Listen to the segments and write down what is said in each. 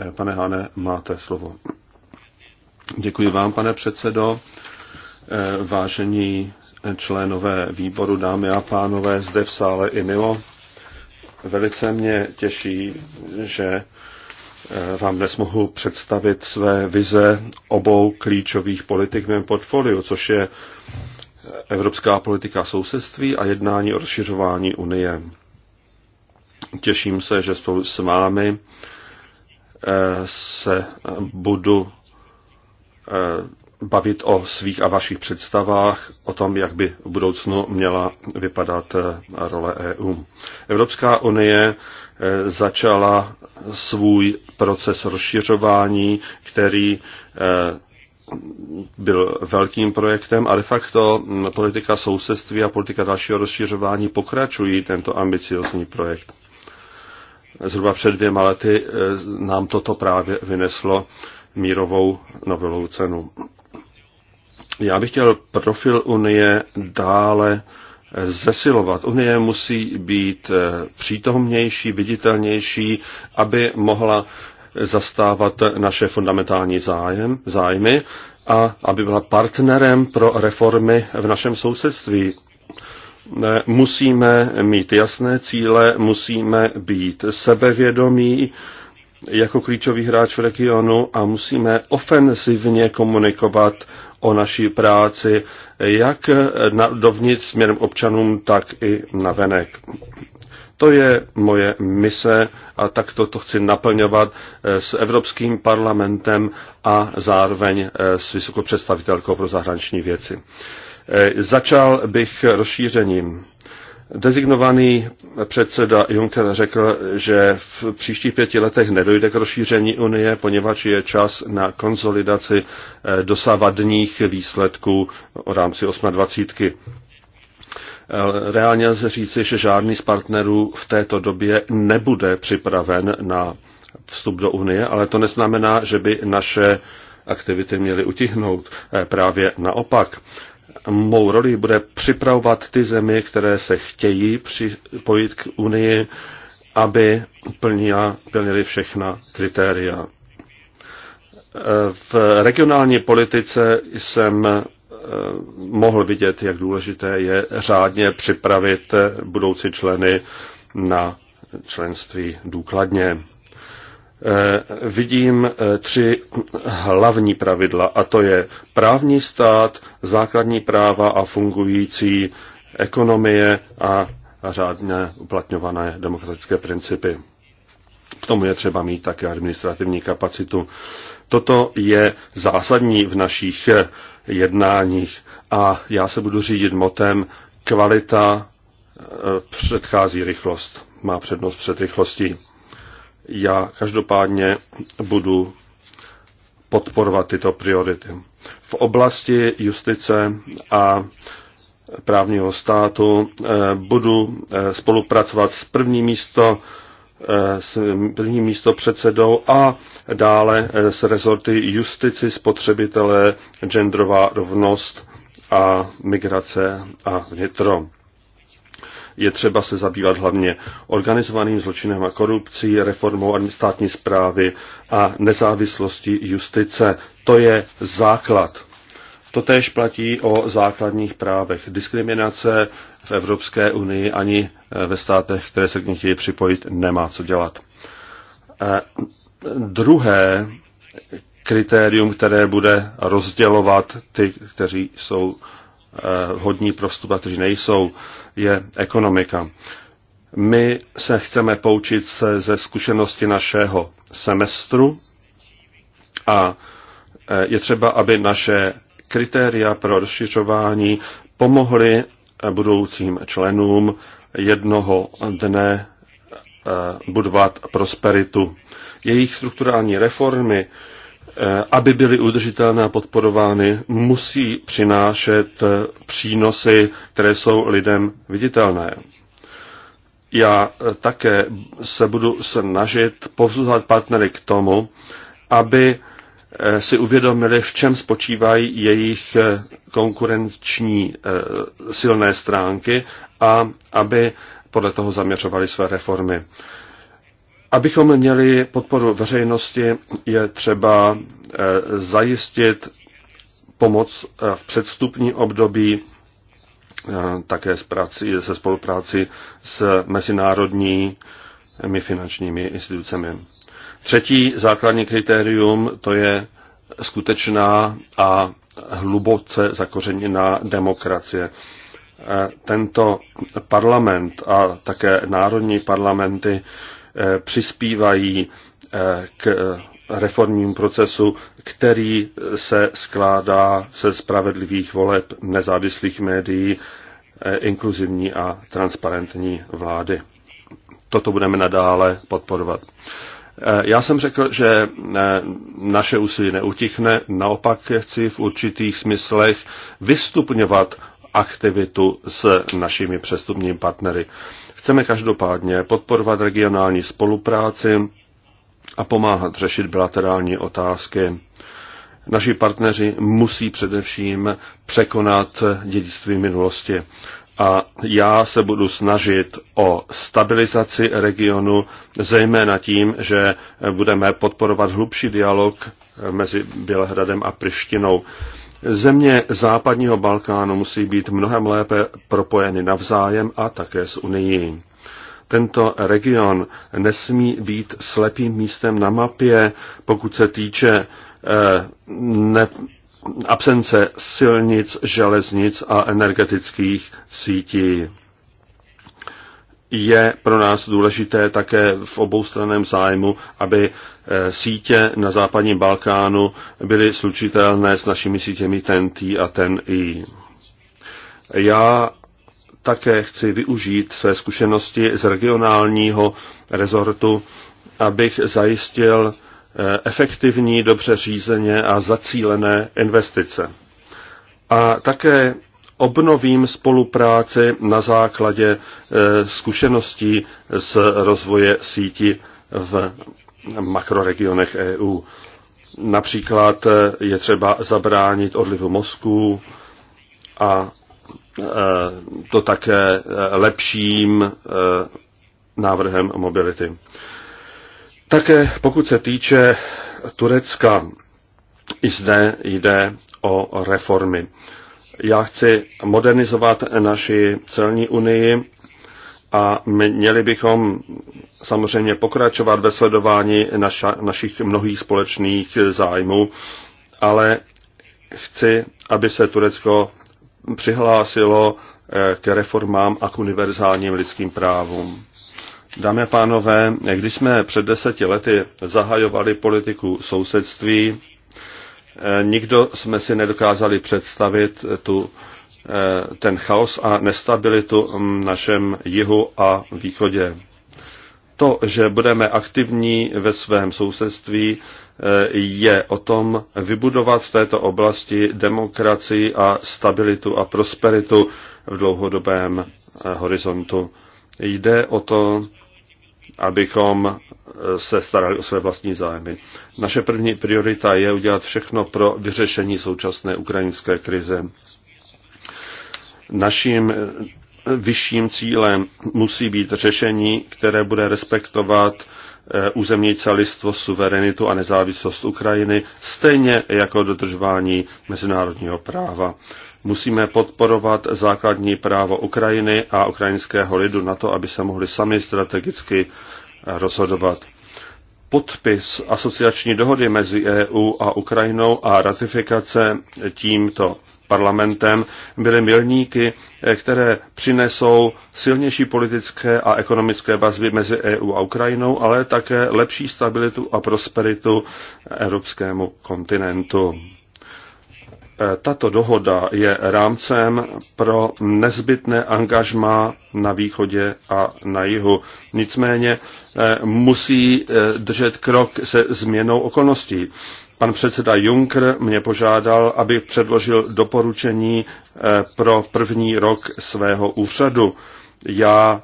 Eh, pane Hane, máte slovo. Děkuji vám, pane předsedo. Eh, vážení členové výboru, dámy a pánové, zde v sále i mimo. Velice mě těší, že eh, vám dnes mohu představit své vize obou klíčových politik v mém portfoliu, což je evropská politika sousedství a jednání o rozšiřování Unie. Těším se, že spolu s vámi se budu eh, bavit o svých a vašich představách, o tom, jak by v budoucnu měla vypadat eh, role EU. Evropská unie eh, začala svůj proces rozšiřování, který byl velkým projektem a de facto mm, politika sousedství a politika dalšího rozšiřování pokračují tento ambiciozní projekt. Zhruba před dvěma lety eh, nám toto právě vyneslo mírovou novelou cenu. Já bych chtěl profil Unie dále eh, zesilovat. Unie musí být eh, přítomnější, viditelnější, aby mohla zastávat naše fundamentální zájem, zájmy a aby byla partnerem pro reformy v našem sousedství musíme mít jasné cíle, musíme být sebevědomí jako klíčový hráč v regionu a musíme ofenzivně komunikovat o naší práci, jak na, dovnitř směrem občanům, tak i na venek. To je moje mise a tak to, to chci naplňovat eh, s Evropským parlamentem a zároveň eh, s vysokou představitelkou pro zahraniční věci. Eh, začal bych rozšířením. Dezignovaný předseda Juncker řekl, že v příštích pěti letech nedojde k rozšíření Unie, poněvadž je čas na konsolidaci eh, dosávadních výsledků v rámci 28. Eh, reálně lze říci, že žádný z partnerů v této době nebude připraven na vstup do Unie, ale to neznamená, že by naše aktivity měly utihnout. Právě naopak mou roli bude připravovat ty země, které se chtějí připojit k Unii, aby plnila, plnili všechna kritéria. V regionální politice jsem eh, mohl vidět, jak důležité je řádně připravit budoucí členy na členství důkladně. Eh, vidím eh, tři hlavní pravidla, a to je právní stát, základní práva a fungující ekonomie a řádně uplatňované demokratické principy. K tomu je třeba mít také administrativní kapacitu. Toto je zásadní v našich eh, jednáních a já se budu řídit motem kvalita předchází rychlost, má přednost před rychlostí. Já každopádně budu podporovat tyto priority. V oblasti justice a právního státu eh, budu eh, spolupracovat s první místo eh, s první místo předsedou a dále s rezorty justici, spotřebitelé, genderová rovnost a migrace a vnitro je třeba se zabývat hlavně organizovaným zločinem a korupcí, reformou státní zprávy a nezávislosti justice. To je základ. též platí o základních právech. Diskriminace v Evropské unii ani ve státech, které se k ní chtějí připojit, nemá co dělat. E, druhé kritérium, které bude rozdělovat ty, kteří jsou e, hodní pro vstup a kteří nejsou, je ekonomika. My se chceme poučit ze zkušenosti našeho semestru a eh, je třeba, aby naše kritéria pro rozšiřování pomohly eh, budoucím členům jednoho dne eh, budovat prosperitu. Jejich strukturální reformy Eh, aby byly udržitelné a podporovány, musí přinášet eh, přínosy, které jsou lidem viditelné. Já eh, také se budu snažit povzbuzovat partnery k tomu, aby si uvědomili, v čem spočívají jejich konkurenční silné stránky a aby podle toho zaměřovali své reformy. Abychom měli podporu veřejnosti, je třeba eh, zajistit pomoc eh, v předstupní období eh, také s prací, se spolupráci s mezinárodními finančními institucemi. Třetí základní kritérium to je skutečná a hluboce zakořeněná demokracie. Tento parlament a také národní parlamenty přispívají eh, k reformním procesu, který se skládá ze spravedlivých voleb, nezávislých médií, eh, inkluzivní a transparentní vlády. Toto budeme nadále podporovat. Eh, já jsem řekl, že naše úsilí neutichne, naopak chci v určitých smyslech vystupňovat aktivitu s našimi přestupními partnery. Chceme každopádně podporovat regionální spolupráci a pomáhat řešit bilaterální otázky. Naši partneři musí především překonat dědictví minulosti. A já se budu snažit o stabilizaci regionu, zejména tím, že budeme podporovat hlubší dialog mezi Bělehradem a Prištinou. Země západního Balkánu musí být mnohem lépe propojeny navzájem a také s Unii. Tento region nesmí být slepým místem na mapě, pokud se týče eh, ne, absence silnic, železnic a energetických sítí je pro nás důležité také v oboustraném zájmu, aby eh, sítě na západním Balkánu byly slučitelné s našimi sítěmi TNT a TEN-I. Já také chci využít své zkušenosti z regionálního rezortu, abych zajistil eh, efektivní, dobře řízeně a zacílené investice. A také obnovím spolupráci na základě eh, zkušeností z rozvoje síti v makroregionech EU. Například eh, je třeba zabránit odlivu mozků a eh, to také lepším návrhem mobility. Také pokud se týče Turecka, i zde jde o reformy. Já chci modernizovat naši celní unii a měli bychom samozřejmě pokračovat ve sledování naša, našich mnohých společných zájmů, ale chci, aby se Turecko přihlásilo eh, k reformám a k univerzálním lidským právům. Dámy a pánové, když jsme před deseti lety zahajovali politiku sousedství, Eh, nikdo jsme si nedokázali představit eh, tu, eh, ten chaos a nestabilitu v mm, našem jihu a východě. To, že budeme aktivní ve svém sousedství, je o tom vybudovat v této oblasti demokracii a stabilitu a prosperitu v dlouhodobém horizontu. Jde o to abychom eh, se starali o své vlastní zájmy. Naše první priorita je udělat všechno pro vyřešení současné ukrajinské krize. Naším eh, vyšším cílem musí být řešení, které bude respektovat Eh, územní celistvost, suverenitu a nezávislost Ukrajiny, stejně jako dodržování mezinárodního práva. Musíme podporovat základní právo Ukrajiny a ukrajinského lidu na to, aby se mohli sami strategicky rozhodovat podpis asociační dohody mezi EU a Ukrajinou a ratifikace tímto parlamentem byly milníky, které přinesou silnější politické a ekonomické vazby mezi EU a Ukrajinou, ale také lepší stabilitu a prosperitu evropskému kontinentu. Tato dohoda je rámcem pro nezbytné angažma na východě a na jihu. Nicméně eh, musí eh, držet krok se změnou okolností. Pan předseda Juncker mě požádal, aby předložil doporučení eh, pro první rok svého úřadu. Já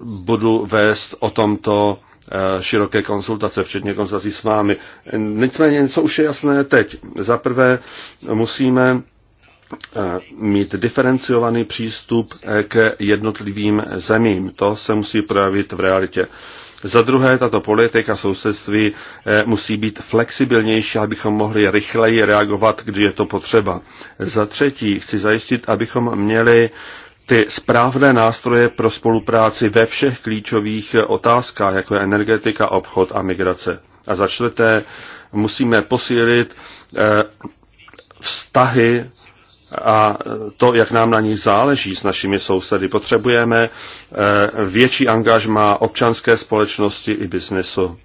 budu vést o tomto Eh, široké konsultace, včetně konzultací s vámi. Nicméně něco už je jasné teď. Za prvé musíme eh, mít diferenciovaný přístup k jednotlivým zemím. To se musí projevit v realitě. Za druhé, tato politika sousedství eh, musí být flexibilnější, abychom mohli rychleji reagovat, když je to potřeba. Za třetí, chci zajistit, abychom měli ty správné nástroje pro spolupráci ve všech klíčových otázkách, jako je energetika, obchod a migrace. A za čtvrté, musíme posílit eh, vztahy a to, jak nám na ní záleží s našimi sousedy. Potřebujeme eh, větší angažma občanské společnosti i biznesu.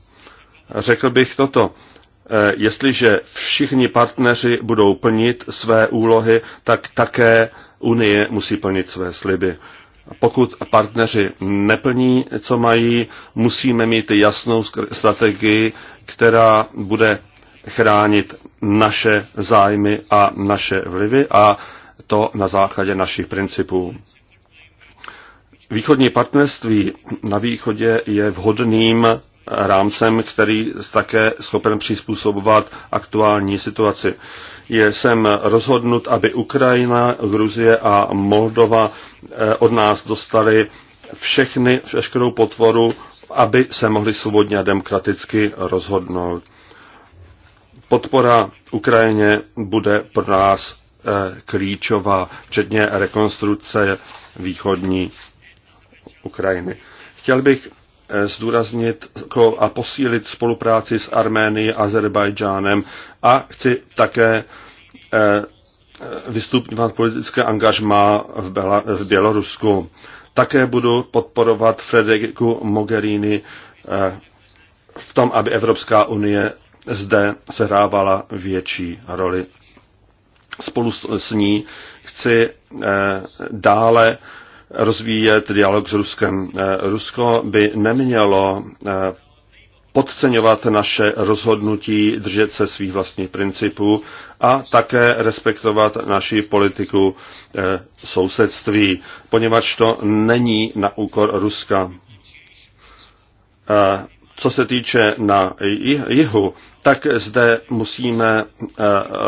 Řekl bych toto. Eh, jestliže všichni partneři budou plnit své úlohy, tak také Unie musí plnit své sliby. Pokud partneři neplní, co mají, musíme mít jasnou strategii, která bude chránit naše zájmy a naše vlivy a to na základě našich principů. Východní partnerství na východě je vhodným rámcem, který je také schopen přizpůsobovat aktuální situaci. Jsem rozhodnut, aby Ukrajina, Gruzie a Moldova eh, od nás dostali všechny, veškerou potvoru, aby se mohli svobodně a demokraticky rozhodnout. Podpora Ukrajině bude pro nás eh, klíčová, včetně rekonstrukce východní Ukrajiny. Chtěl bych zdůraznit a posílit spolupráci s Arménií a Azerbajdžánem a chci také eh, vystupňovat politické angažma v Bělorusku. Také budu podporovat Frederiku Mogherini eh, v tom, aby Evropská unie zde sehrávala větší roli. Spolu s ní chci eh, dále rozvíjet dialog s Ruskem. Eh, Rusko by nemělo eh, podceňovat naše rozhodnutí držet se svých vlastních principů a také respektovat naši politiku eh, sousedství, poněvadž to není na úkor Ruska co se týče na jihu, tak zde musíme eh,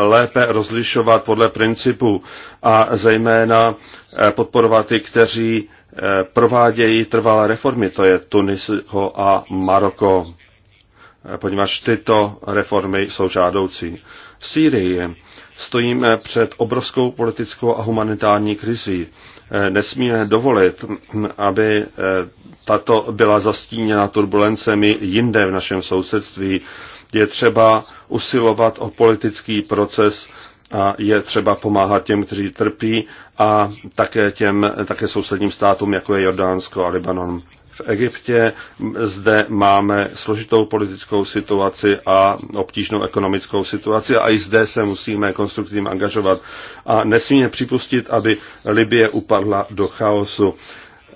lépe rozlišovat podle principu a zejména eh, podporovat ty, kteří eh, provádějí trvalé reformy, to je Tunisko a Maroko, poněvadž tyto reformy jsou žádoucí. V Sýrii stojíme před obrovskou politickou a humanitární krizí. Nesmíme dovolit, aby tato byla zastíněna turbulencemi jinde v našem sousedství. Je třeba usilovat o politický proces a je třeba pomáhat těm, kteří trpí a také těm také sousedním státům, jako je Jordánsko a Libanon. V Egyptě zde máme složitou politickou situaci a obtížnou ekonomickou situaci a i zde se musíme konstruktivně angažovat a nesmíme připustit, aby Libie upadla do chaosu.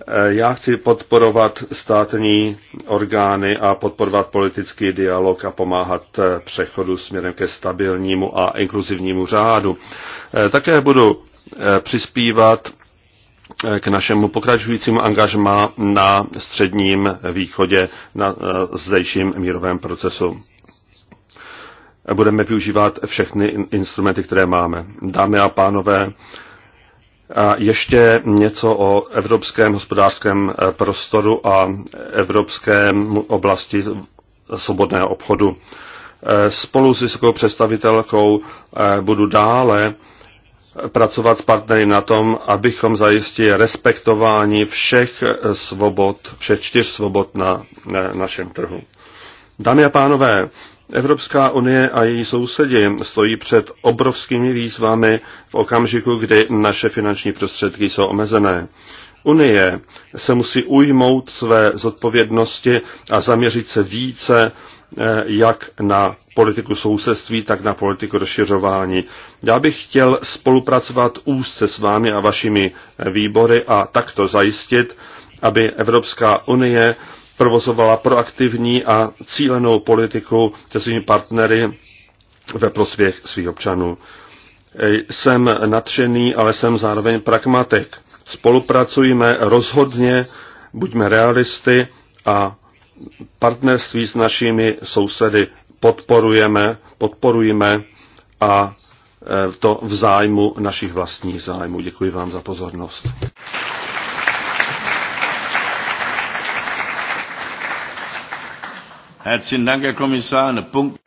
Eh, já chci podporovat státní orgány a podporovat politický dialog a pomáhat eh, přechodu směrem ke stabilnímu a inkluzivnímu řádu. Eh, také budu přispívat k našemu pokračujícímu angažmá na středním východě, na zdejším mírovém procesu. Budeme využívat všechny instrumenty, které máme. Dámy a pánové, a ještě něco o evropském hospodářském eh, prostoru a evropské mm, oblasti svobodného obchodu. Eh, spolu s vysokou představitelkou eh, budu dále pracovat s partnery na tom, abychom zajistili respektování všech svobod, všech čtyř svobod na našem trhu. Dámy a pánové, Evropská unie a její sousedi stojí před obrovskými výzvami v okamžiku, kdy naše finanční prostředky jsou omezené. Unie se musí ujmout své zodpovědnosti a zaměřit se více eh, jak na politiku sousedství, tak na politiku rozšiřování. Já bych chtěl spolupracovat úzce s vámi a vašimi eh, výbory a takto zajistit, aby Evropská unie provozovala proaktivní a cílenou politiku se svými partnery ve prospěch svých občanů. Jsem nadšený, ale jsem zároveň pragmatik. Spolupracujeme rozhodně, buďme realisty a partnerství s našimi sousedy podporujeme, podporujeme a e, to v zájmu našich vlastních zájmů. Děkuji vám za pozornost. Herzlichen Dank, Herr Kommissar.